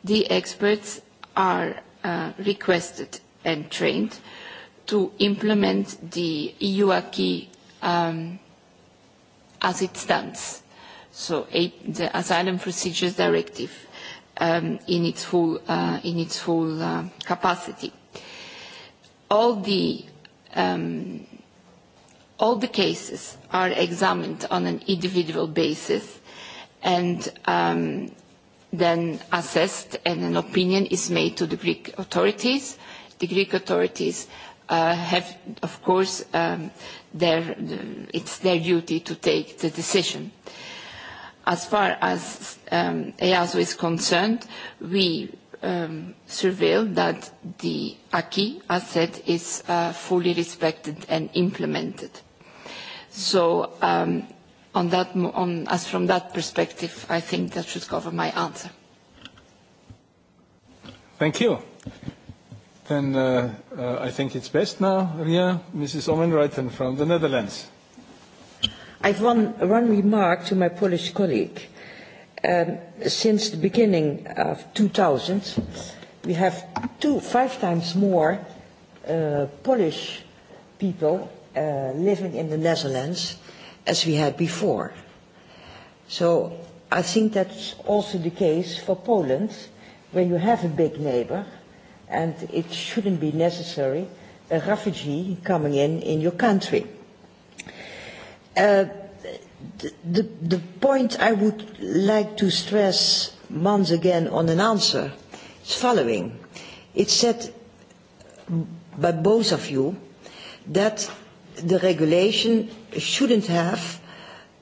Speaker 2: the experts are uh, requested and trained to implement the EU acquis um, as it stands, so a, the Asylum Procedures Directive um, in its full, uh, in its full uh, capacity. All the, um, all the cases are examined on an individual basis and um, then assessed and an opinion is made to the Greek authorities the Greek authorities uh, have, of course, um, their, it's their duty to take the decision. As far as um, EASO is concerned, we um, surveil that the ACI, as said, is uh, fully respected and implemented. So um, on that, on, as from that perspective, I think that should cover my answer.
Speaker 1: Thank you. Then uh, uh, I think it's best now, Ria, Mrs. Omenreiten from the Netherlands. I have one, one remark
Speaker 6: to my Polish colleague. Um, since the beginning of 2000, we have two, five times more uh, Polish people uh, living in the Netherlands as we had before. So I think that's also the case for Poland, where you have a big neighbor, and it shouldn't be necessary, a refugee coming in in your country. Uh, the, the point I would like to stress once again on an answer is following. It said by both of you that the regulation shouldn't have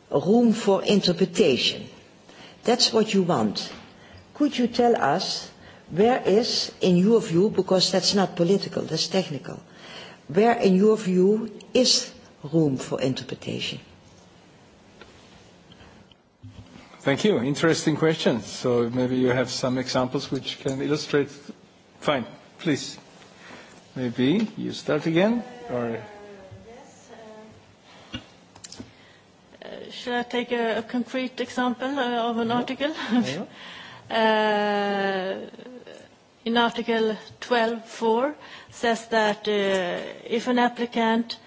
Speaker 6: room for interpretation. That's what you want. Could you tell us where is, in your view, because that's not political, that's technical, where, in your view, is room for interpretation?
Speaker 1: Thank you. Interesting question. So maybe you have some examples which can illustrate. Fine, please. Maybe you start again. Or... Uh,
Speaker 4: uh, uh, should I take a, a concrete example uh, of an article? Yeah. uh, in Article 12.4 says that uh, if an applicant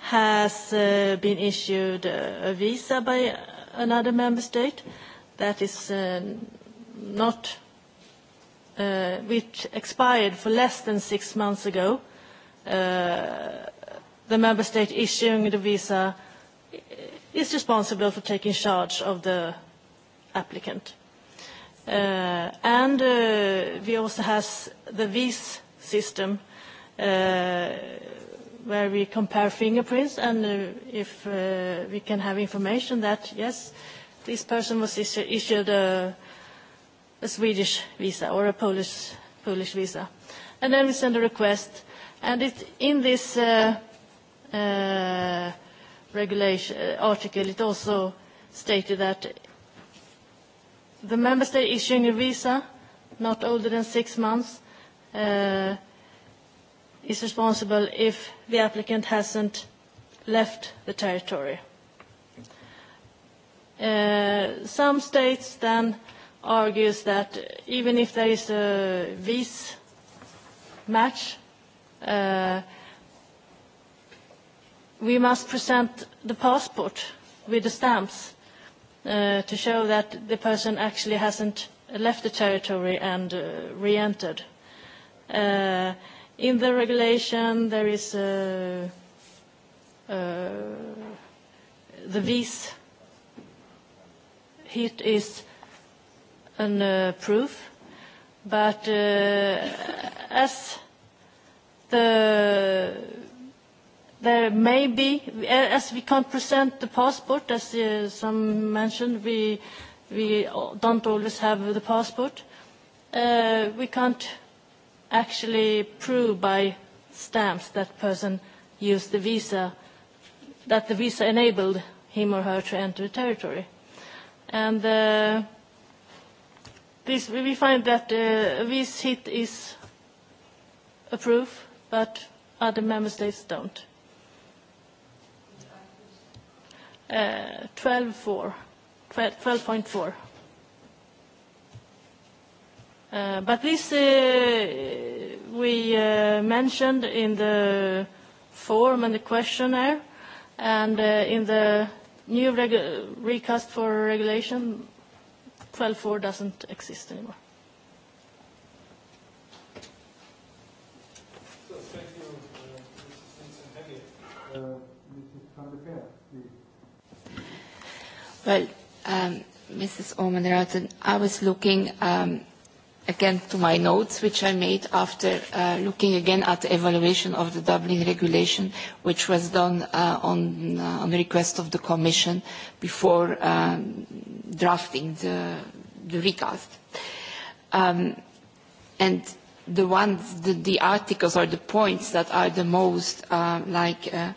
Speaker 4: has uh, been issued a visa by another member state, that is uh, not uh, which expired for less than six months ago, uh, the member state issuing the visa is responsible for taking charge of the applicant. Eh, and eh, we also has the VIS system, eh, where we compare fingerprints, and if we can have information that, yes, this person was issued a Swedish visa or a Polish visa. And then we send a request, and it, in this regulation article, it also stated that the member state issuing a visa not older than six months uh, is responsible if the applicant hasn't left the territory. Uh, some states then argues that even if there is a visa match, uh, we must present the passport with the stamps uh, to show that the person actually hasn't left the territory and uh, re-entered. Uh, in the regulation, there is a, uh, uh, the visa hit is a uh, proof, but uh, as the There may be, as we can't present the passport, as uh, some mentioned, we don't always have the passport. Uh, we can't actually prove by stamps that person used the visa, that the visa enabled him or her to enter the territory. And uh, this, we find that a visa hit is a proof, but other member states don't. 12.4. Eh, eh, but this eh, we mentioned in the form and the questionnaire, and in the new recast for regulation, 12.4 doesn't exist anymore.
Speaker 2: Well, um, Mrs. Omanerotten, I was looking um, again to my notes, which I made after uh, looking again at the evaluation of the Dublin regulation, which was done uh, on, uh, on the request of the Commission before um, drafting the, the recast. Um, and the ones, the, the articles or the points that are the most uh, like uh,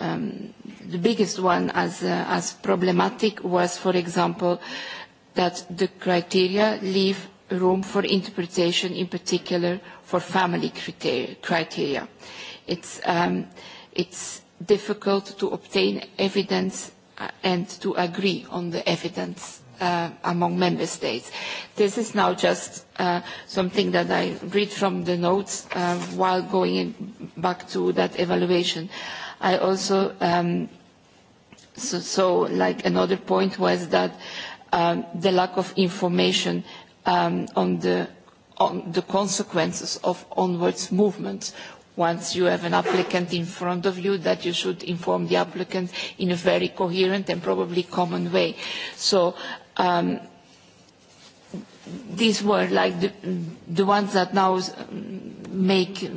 Speaker 2: Um, the biggest one uh, as problematic was, for example, that the criteria leave room for interpretation, in particular for family criteria. It's, um, it's difficult to obtain evidence uh, and to agree on the evidence uh, among member states. This is now just uh, something that I read from the notes uh, while going in back to that evaluation. Uh, i also um, saw like another point was that um, the lack of information um, on the on the consequences of onwards movement once you have an applicant in front of you that you should inform the applicant in a very coherent and probably common way so um, these were like the, the ones that now make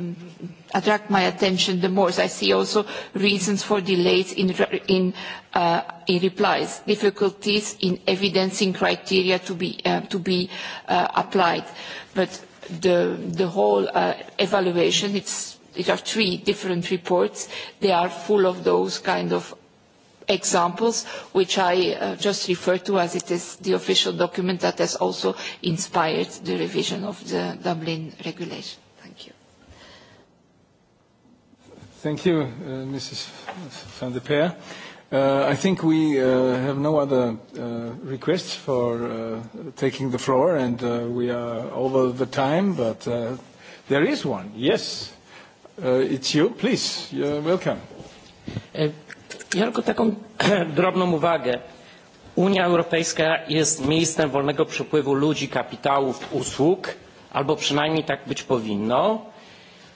Speaker 2: attract my attention the most. I see also reasons for delays in, in, uh, in replies, difficulties in evidencing criteria to be, uh, to be uh, applied. But the, the whole uh, evaluation, it's, it are three different reports. They are full of those kind of examples which i uh, just referred to as it is the official document that has also inspired the revision of the dublin regulation thank you
Speaker 1: thank you uh, mrs van der peer uh, i think we uh, have no other uh, requests for uh, taking the floor and uh, we are over the time but uh, there is one yes uh, it's you please you're welcome
Speaker 3: uh, Ja tylko taką drobną uwagę. Unia Europejska jest miejscem wolnego przepływu ludzi, kapitałów, usług, albo przynajmniej tak być powinno.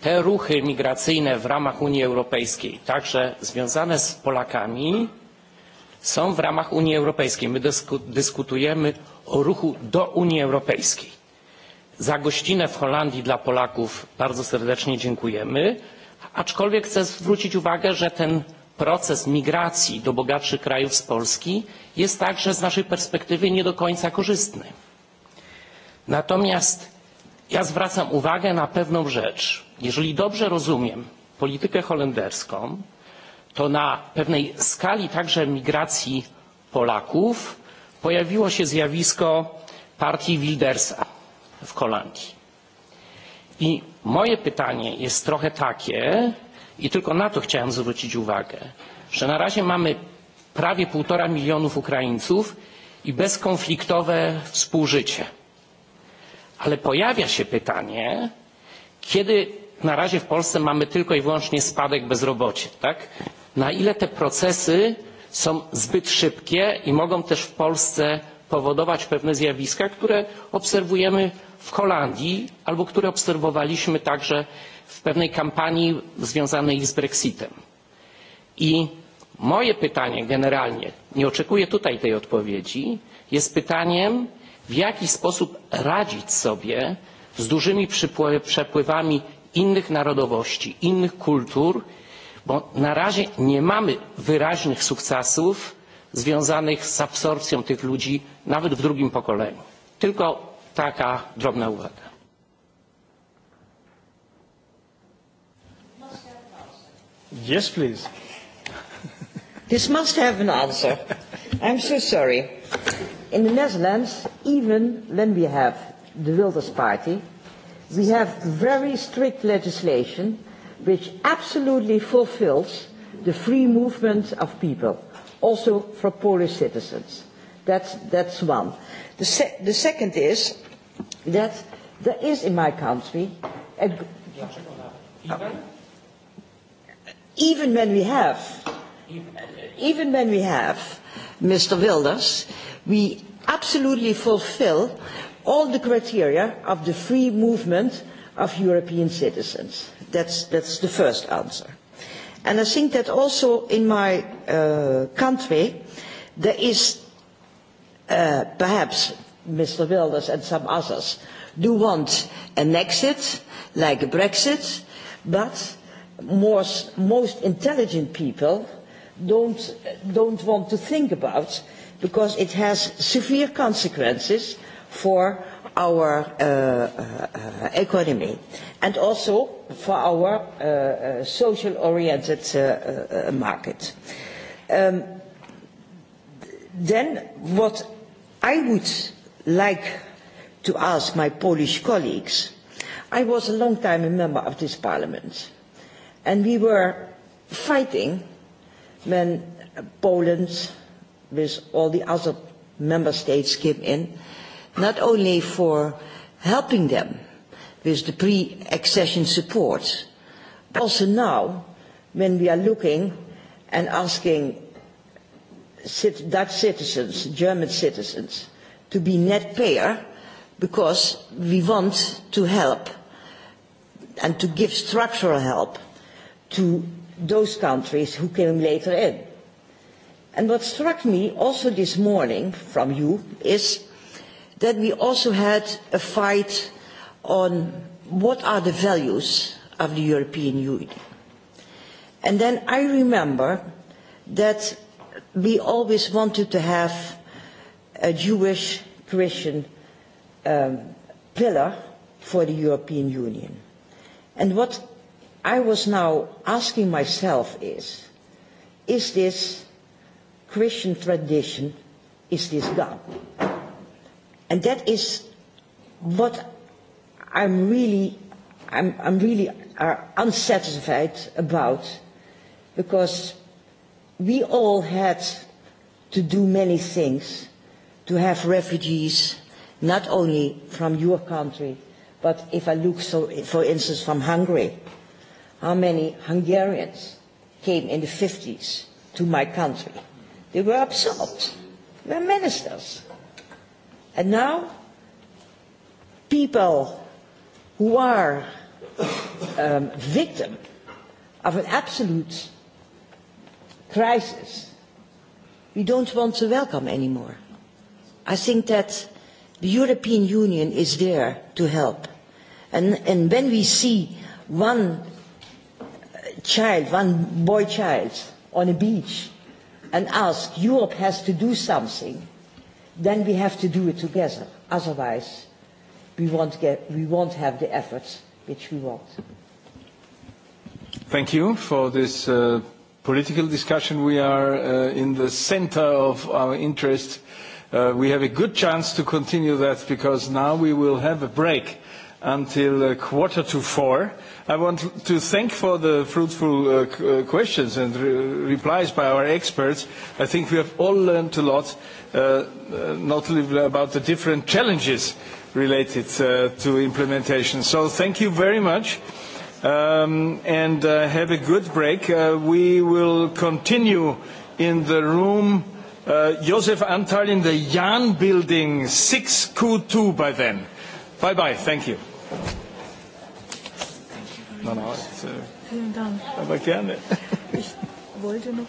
Speaker 3: Te ruchy migracyjne w ramach Unii Europejskiej, także związane z Polakami, są w ramach Unii Europejskiej. My dysku, dyskutujemy o ruchu do Unii Europejskiej. Za gościnę w Holandii dla Polaków bardzo serdecznie dziękujemy, aczkolwiek chcę zwrócić uwagę, że ten proces migracji do bogatszych krajów z Polski jest także z naszej perspektywy nie do końca korzystny. Natomiast ja zwracam uwagę na pewną rzecz. Jeżeli dobrze rozumiem politykę holenderską, to na pewnej skali także migracji Polaków pojawiło się zjawisko partii Wildersa w Holandii. I moje pytanie jest trochę takie, I tylko na to chciałem zwrócić uwagę, że na razie mamy prawie półtora milionów Ukraińców i bezkonfliktowe współżycie. Ale pojawia się pytanie, kiedy na razie w Polsce mamy tylko i wyłącznie spadek bezrobocia, tak? Na ile te procesy są zbyt szybkie i mogą też w Polsce powodować pewne zjawiska, które obserwujemy w Holandii albo które obserwowaliśmy także w pewnej kampanii związanej z Brexitem. I moje pytanie generalnie, nie oczekuję tutaj tej odpowiedzi, jest pytaniem, w jaki sposób radzić sobie z dużymi przepływami innych narodowości, innych kultur, bo na razie nie mamy wyraźnych sukcesów związanych z absorpcją tych ludzi nawet w drugim pokoleniu. Tylko taka drobna uwaga. Yes,
Speaker 6: please. this must have an answer. I'm so sorry. In the Netherlands, even when we have the Wilders Party, we have very strict legislation which absolutely fulfills the free movement of people, also for Polish citizens. That's, that's one. The, se- the second is that there is in my country a. G-
Speaker 3: yeah. uh,
Speaker 6: even when we have, even when we have Mr. Wilders, we absolutely fulfill all the criteria of the free movement of European citizens. That's, that's the first answer. And I think that also in my uh, country, there is uh, perhaps Mr. Wilders and some others do want an exit, like a Brexit, but most, most intelligent people don't, don't want to think about because it has severe consequences for our uh, uh, uh, economy and also for our uh, uh, social oriented uh, uh, market. Um, then, what I would like to ask my Polish colleagues I was a long time a member of this parliament. And we were fighting when Poland, with all the other member states, came in, not only for helping them with the pre-accession support, but also now when we are looking and asking Dutch citizens, German citizens, to be net payer because we want to help and to give structural help to those countries who came later in. And what struck me also this morning from you is that we also had a fight on what are the values of the European Union. And then I remember that we always wanted to have a Jewish Christian um, pillar for the European Union. And what I was now asking myself is, is this Christian tradition, is this God? And that is what I'm really, I'm, I'm really uh, unsatisfied about because we all had to do many things to have refugees, not only from your country, but if I look, so, for instance, from Hungary, how many Hungarians came in the 50s to my country. They were absolved. They were ministers. And now, people who are um, victim of an absolute crisis, we don't want to welcome anymore. I think that the European Union is there to help. And, and when we see one child, one boy child on a beach and ask, Europe has to do something, then we have to do it together. Otherwise, we won't, get, we won't have the efforts which we want.
Speaker 1: Thank you for this uh, political discussion. We are uh, in the center of our interest. Uh, we have a good chance to continue that because now we will have a break until a uh, quarter to four. I want to thank for the fruitful uh, uh, questions and re replies by our experts. I think we have all learned a lot, uh, uh, not only about the different challenges related uh, to implementation. So thank you very much um, and uh, have a good break. Uh, we will continue in the room. Uh, Josef Antal in the Jan building 6Q2 by then. Bye bye. Thank you. Thank you. Man arbeitet sehr. Vielen ja. Dank. Aber gerne. Ich wollte noch